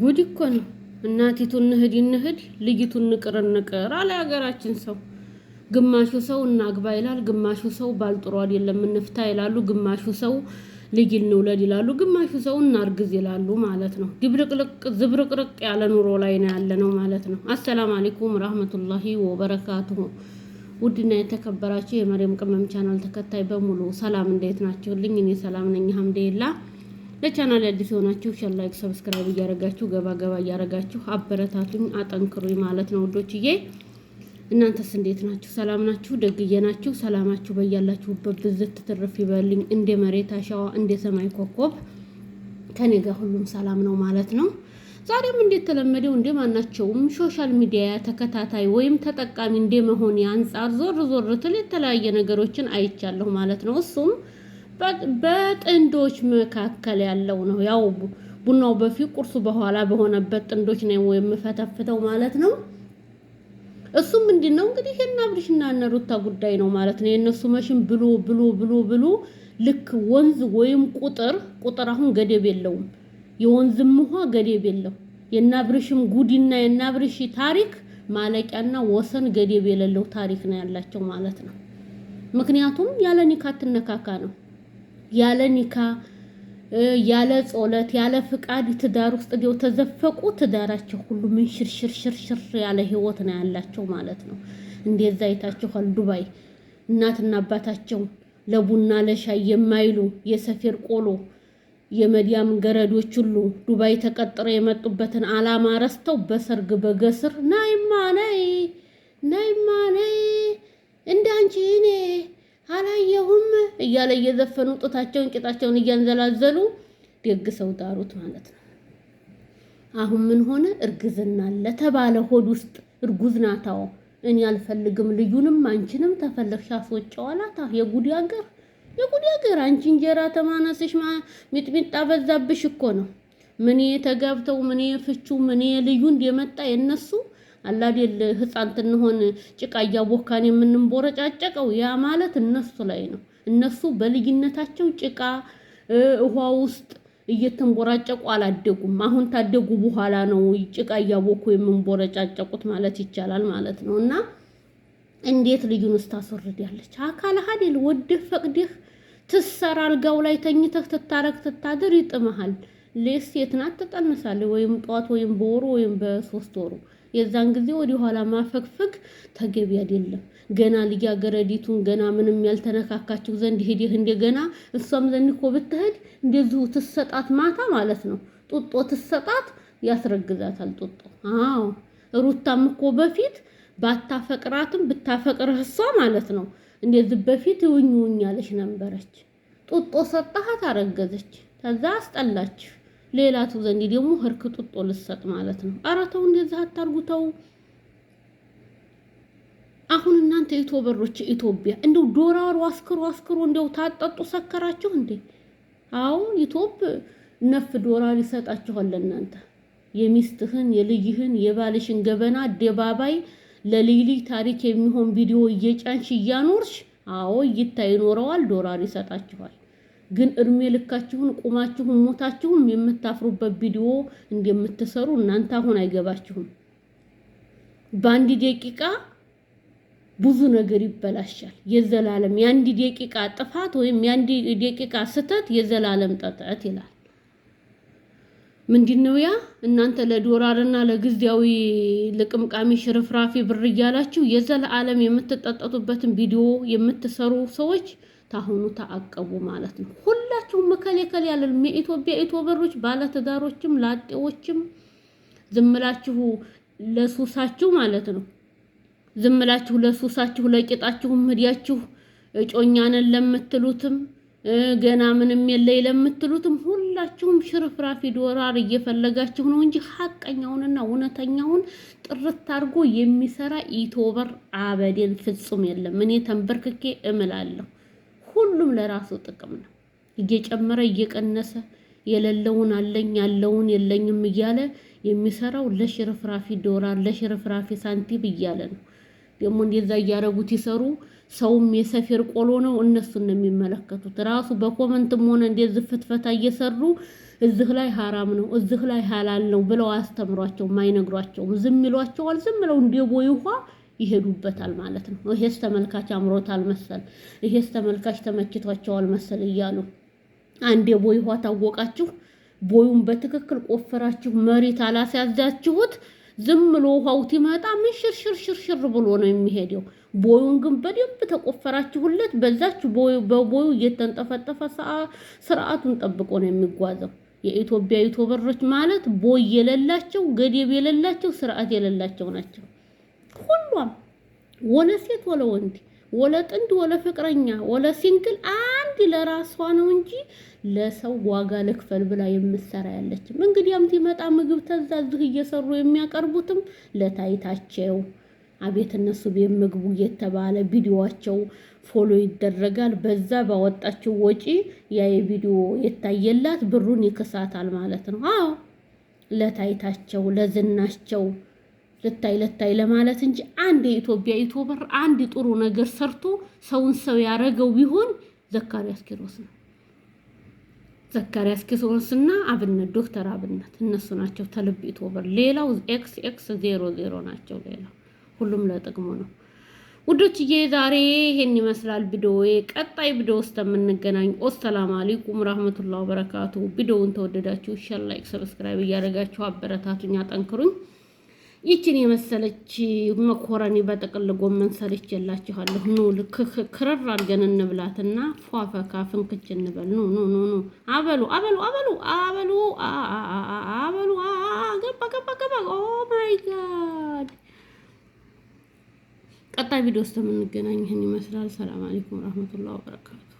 ጉድ እኮ ነው። እናቲቱ እንሂድ እንሂድ፣ ልጅቱ እንቅር እንቅር አለ ሀገራችን ሰው። ግማሹ ሰው እናግባ ይላል፣ ግማሹ ሰው ባልጥሮ አይደለም እንፍታ ይላሉ፣ ግማሹ ሰው ልጅ እንውለድ ይላሉ፣ ግማሹ ሰው እናርግዝ ይላሉ ማለት ነው። ድብርቅልቅ ዝብርቅርቅ ያለ ኑሮ ላይ ነው ያለ ነው ማለት ነው። አሰላሙ አለይኩም ረህመቱላሂ ወበረካቱሁ። ውድና የተከበራችሁ የመሪም ቅመም ቻናል ተከታይ በሙሉ ሰላም እንዴት ናችሁልኝ? እኔ ሰላም ነኝ ሐምዴላ ለቻናል አዲስ የሆናችሁ ሸር፣ ላይክ፣ ሰብስክራይብ እያረጋችሁ ገባ ገባ እያረጋችሁ አበረታቱኝ፣ አጠንክሩኝ ማለት ነው ውዶችዬ። እናንተስ እንዴት ናችሁ? ሰላም ናችሁ? ደግዬ ናችሁ? ሰላማችሁ በያላችሁበት ብዝት ትርፍ ይበልኝ። እንደ መሬት አሸዋ እንደ ሰማይ ኮከብ ከኔ ጋር ሁሉም ሰላም ነው ማለት ነው። ዛሬም እንደተለመደው እንደ ማናቸውም ሶሻል ሚዲያ ተከታታይ ወይም ተጠቃሚ እንደ መሆን አንጻር ዞር ዞር ትል የተለያየ ነገሮችን አይቻለሁ ማለት ነው እሱም በጥንዶች መካከል ያለው ነው። ያው ቡናው በፊት ቁርሱ በኋላ በሆነበት ጥንዶች ነው የምፈተፍተው ማለት ነው። እሱም ምንድን ነው እንግዲህ የእነ አብርሽና እነ ሩታ ጉዳይ ነው ማለት ነው። የእነሱ መሽን ብሎ ብሎ ብሎ ብሎ ልክ ወንዝ ወይም ቁጥር ቁጥር አሁን ገደብ የለውም። የወንዝም ውሃ ገደብ የለው። የእነ አብርሽም ጉዲና የእነ ታሪክ ማለቂያና ወሰን ገደብ የሌለው ታሪክ ነው ያላቸው ማለት ነው። ምክንያቱም ያለ ኒካ አትነካካ ነው። ያለ ኒካ ያለ ጾለት ያለ ፍቃድ ትዳር ውስጥ ገው ተዘፈቁ። ትዳራቸው ሁሉ ምን ሽርሽር ሽርሽር ያለ ህይወት ነው ያላቸው ማለት ነው። እንደዛ አይታችኋል። ዱባይ እናትና አባታቸው ለቡና ለሻይ የማይሉ የሰፌር ቆሎ የመዲያም ገረዶች ሁሉ ዱባይ ተቀጥረው የመጡበትን አላማ ረስተው በሰርግ በገስር ናይማ ነይ ናይማ ነይ እንደ አንቺ እኔ አላየሁም እያለ እየዘፈኑ ጡታቸውን ቂጣቸውን እያንዘላዘሉ ደግሰው ጣሩት ማለት ነው። አሁን ምን ሆነ? እርግዝና አለ ተባለ። ሆድ ውስጥ እርጉዝ ናታው እኔ አልፈልግም፣ ልዩንም አንቺንም ተፈለግሽ አስወጪው የጉድ ሀገር የጉድ ሀገር! አንቺ እንጀራ ተማነስሽ ሚጥሚጣ በዛብሽ እኮ ነው። ምን ተጋብተው ምን ፍቹ ምን ልዩ እንደመጣ የነሱ አላዴል ህፃን ትንሆን ጭቃ እያቦካን የምንቦረጫጨቀው ያ ማለት እነሱ ላይ ነው። እነሱ በልጅነታቸው ጭቃ ውሃ ውስጥ እየተንቦራጨቁ አላደጉም። አሁን ታደጉ በኋላ ነው ጭቃ እያቦኩ የምንቦረጫጨቁት ማለት ይቻላል ማለት ነው። እና እንዴት ልዩን ውስጥ ታስወርዳለች? አካል ሀዴል ወደህ ፈቅደህ ትሰራ አልጋው ላይ ተኝተህ ትታረግ ትታድር ይጥመሃል። ሌስ የትናት ትጠንሳለህ ወይም ጠዋት ወይም በወሩ ወይም በሶስት ወሩ የዛን ጊዜ ወደኋላ ማፈግፈግ ተገቢ አይደለም። ገና ልጃገረዲቱን ገና ምንም ያልተነካካችሁ ዘንድ ሄደህ እንደገና እሷም ዘንድ እኮ ብትሄድ እንደዚሁ ትሰጣት ማታ ማለት ነው። ጡጦ ትሰጣት ያስረግዛታል። ጡጦ አዎ። ሩታም እኮ በፊት ባታፈቅራትም ብታፈቅርህ እሷ ማለት ነው እንደዚህ በፊት ውኝ ውኝ አለች ነበረች። ጡጦ ሰጣሃት አረገዘች። ከዛ አስጠላችሁ። ሌላ ዘንድ ደግሞ ህርክ ጡጦ ልሰጥ ማለት ነው። ኧረ ተው እንደዛ አታርጉ ተው። አሁን እናንተ ኢትዮበሮች ኢትዮጵያ እንደው ዶራሩ አስክሮ አስክሮ እንደው ታጠጡ ሰከራችሁ እንዴ? አዎ ኢትዮፕ ነፍ ዶራር ይሰጣችኋል ለእናንተ የሚስትህን የልጅህን የባልሽን ገበና አደባባይ ለልጅ ታሪክ የሚሆን ቪዲዮ እየጫንሽ እያኖርሽ፣ አዎ እይታ ይኖረዋል፣ ዶራር ይሰጣችኋል። ግን እድሜ ልካችሁን ቁማችሁን ሞታችሁም የምታፍሩበት ቪዲዮ እንደምትሰሩ እናንተ አሁን አይገባችሁም። በአንድ ደቂቃ ብዙ ነገር ይበላሻል። የዘላለም የአንድ ደቂቃ ጥፋት ወይም የአንድ ደቂቃ ስህተት የዘላለም ጠጠት ይላል። ነው ያ? እናንተ ለዶራርና ለጊዜያዊ ለቅምቃሚ ሽርፍራፊ ብር እያላችሁ የዘላለም የምትጠጠጡበትን ቪዲዮ የምትሰሩ ሰዎች ታሁኑ ተአቀቡ ማለት ነው። ሁላችሁም መከሌ ከሌ ያለንም የኢትዮጵያ ኢትዮበሮች ባለትዳሮችም ላጤዎችም ዝምላችሁ ለሱሳችሁ ማለት ነው። ዝምላችሁ ለሱሳችሁ ለቂጣችሁም ሂዳችሁ እጮኛንን ለምትሉትም ገና ምንም የለይ ለምትሉትም ሁላችሁም ሽርፍራፊ ዶላር እየፈለጋችሁ ነው እንጂ ሀቀኛውንና እውነተኛውን ጥርት አድርጎ የሚሰራ ኢትዮበር አበዴን ፍጹም የለም። እኔ ተንበርክኬ እምላለሁ። ሁሉም ለራሱ ጥቅም ነው። እየጨመረ እየቀነሰ የሌለውን አለኝ ያለውን የለኝም እያለ የሚሰራው ለሽርፍራፊ ዶላር ለሽርፍራፊ ሳንቲም እያለ ነው። ደግሞ እንደዛ እያደረጉት ይሰሩ። ሰውም የሰፌር ቆሎ ነው። እነሱን ነው የሚመለከቱት። ራሱ በኮመንትም ሆነ እንደዚህ ፍትፈታ እየሰሩ እዚህ ላይ ሀራም ነው እዚህ ላይ ሀላል ነው ብለው አያስተምሯቸውም፣ አይነግሯቸውም። ዝም ይሏቸዋል። ዝም ብለው እንደ ቦይ ውሃ ይሄዱበታል ማለት ነው። ይሄስ ተመልካች አምሮታል መሰል፣ ይሄስ ተመልካች ተመችቷቸዋል መሰል እያሉ አንዴ ቦይ ውሃ ታወቃችሁ፣ ቦዩን በትክክል ቆፍራችሁ መሬት አላስያዛችሁት ዝም ብሎ ውሃው ሲመጣ ምን ሽርሽር ሽርሽር ብሎ ነው የሚሄደው። ቦዩን ግን በደንብ ተቆፈራችሁለት በዛች በቦዩ እየተንጠፈጠፈ ስርዓቱን ጠብቆ ነው የሚጓዘው። የኢትዮጵያ ዩቱበሮች ማለት ቦይ የሌላቸው ገደብ የሌላቸው ስርዓት የሌላቸው ናቸው። ሁሉም ወለ ሴት ወለ ወንድ ወለ ጥንድ ወለ ፍቅረኛ ወለ ሲንግል አንድ ለራሷ ነው እንጂ ለሰው ዋጋ ልክፈል ብላ የምትሰራ ያለችም። እንግዲያም ሲመጣ ምግብ ተዛዝህ እየሰሩ የሚያቀርቡትም ለታይታቸው አቤት እነሱ ቤት ምግቡ እየተባለ ቪዲዮዋቸው ፎሎ ይደረጋል። በዛ ባወጣችው ወጪ ያ የቪዲዮ የታየላት ብሩን ይክሳታል ማለት ነው። አዎ ለታይታቸው ለዝናቸው ልታይ ልታይ ለማለት እንጂ አንድ የኢትዮጵያ ኢትዮበር አንድ ጥሩ ነገር ሰርቶ ሰውን ሰው ያረገው ቢሆን ዘካሪያስ ኪሮስ ነው። ዘካሪያስ እና አብነት ዶክተር አብነት እነሱ ናቸው ተልብ ኢትዮበር። ሌላው ኤክስ ኤክስ ዜሮ ዜሮ ናቸው። ሌላው ሁሉም ለጥቅሙ ነው። ውዶችዬ ዛሬ ይሄን ይመስላል ቪዲዮዬ። ቀጣይ ቪዲዮ ውስጥ የምንገናኝ። ኦሰላም አለይኩም ረህመቱላሂ ወበረካቱ። ቪዲዮውን ተወደዳችሁ ሼር፣ ላይክ፣ ሰብስክራይብ እያደረጋችሁ አበረታቱኝ፣ አጠንክሩኝ። ይችን የመሰለች መኮረኒ በጥቅል ጎመን ሰርች የላችኋለሁ። ኑ ክርር አድርገን እንብላትና ፏፈካ ፍንክች እንበል። ኑ ኑ ኑ ኑ አበሉ አበሉ አበሉ አበሉ አበሉ ገባ ገባ ገባ። ኦ ማይ ጋድ። ቀጣይ ቪዲዮ ውስጥ የምንገናኝ ይህን ይመስላል። ሰላም አለይኩም ረህመቱላህ ወበረካቱ።